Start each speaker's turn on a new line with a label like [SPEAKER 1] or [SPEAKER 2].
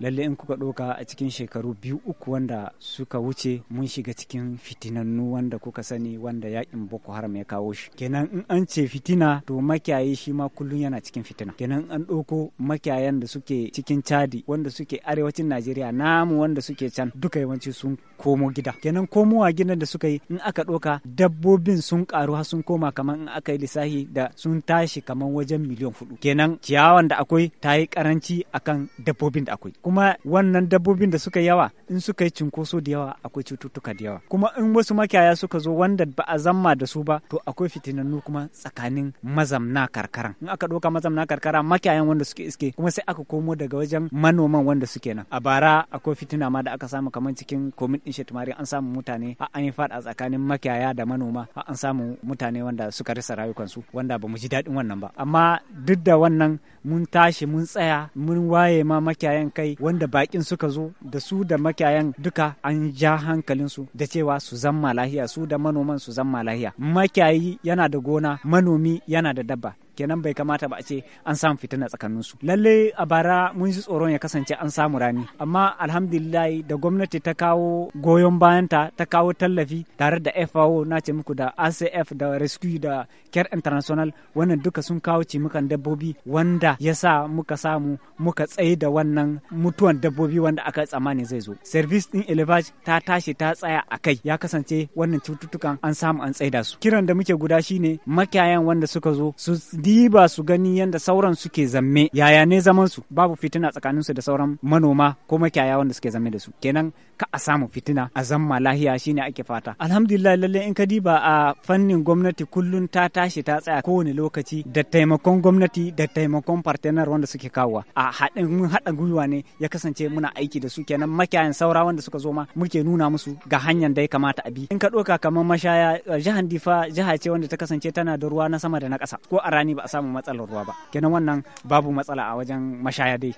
[SPEAKER 1] lalle in kuka ɗauka a cikin shekaru biyu uku wanda suka wuce mun shiga cikin fitinannu wanda kuka sani wanda yakin boko haram ya kawo shi kenan in an ce fitina to makiyayi shi ma kullum yana cikin fitina kenan an ɗauko makiyayan da suke cikin cadi wanda suke arewacin najeriya namu wanda suke can duka yawanci sun komo gida kenan komowa gidan da suka yi in aka ɗoka dabbobin sun karu har sun koma kamar in aka yi lissafi da sun tashi kamar wajen miliyan hudu kenan ciyawan da akwai ta yi karanci akan dabbobin da akwai kuma wannan dabbobin da suka yawa in suka yi cinkoso da yawa akwai cututtuka da yawa kuma in wasu makiyaya suka zo wanda ba a zamma da su ba to akwai fitinannu kuma tsakanin mazamna karkara. in aka ɗauka mazamna karkara makiyayan wanda suke iske kuma sai aka komo daga wajen manoman wanda suke nan a bara akwai fitina ma da aka samu kamar cikin komin din shetumari an samu mutane a an yi fada tsakanin makiyaya da manoma a an samu mutane wanda suka rasa rayukansu wanda ba mu ji daɗin wannan ba amma duk da wannan mun tashi mun tsaya mun waye ma makiyayan kai wanda bakin suka zo da su da makiyayan duka an ja hankalinsu da cewa su zama lahiya su da manoman su zama lahiya makiyayi yana da gona manomi yana da dabba kenan bai kamata ba a ce an samu fitina tsakanin su lalle a bara mun ji tsoron ya kasance an samu rani amma alhamdulillah da gwamnati ta kawo goyon bayanta ta kawo tallafi tare da FAO na ce muku da ACF da Rescue da Care International wannan duka sun kawo cimukan dabbobi wanda ya sa muka samu muka tsaye da wannan mutuwan dabbobi wanda aka tsammani zai zo service din elevage ta tashi ta tsaya a kai ya kasance wannan cututtukan an samu an tsaida su kiran da muke guda shine makiyayan wanda suka zo su diba su gani yadda sauran suke zamme yaya ne zaman su babu fitina tsakanin su da sauran manoma ko makiyaya wanda suke zamme da su kenan ka a samu fitina a zamma lahiya shine ake fata alhamdulillah lalle in ka di ba a fannin gwamnati kullun ta tashi ta tsaya kowane lokaci da taimakon gwamnati da taimakon partner wanda suke kawowa a haɗin mun haɗa gwiwa ne ya kasance muna aiki da su kenan makiyayan saura wanda suka zo ma muke nuna musu ga hanyar da ya kamata a bi in ka ɗauka kamar mashaya jihar difa jiha ce wanda ta kasance tana da ruwa na sama da na ƙasa ko a rani ba a samu matsalar ruwa ba kenan wannan babu matsala a wajen mashaya dai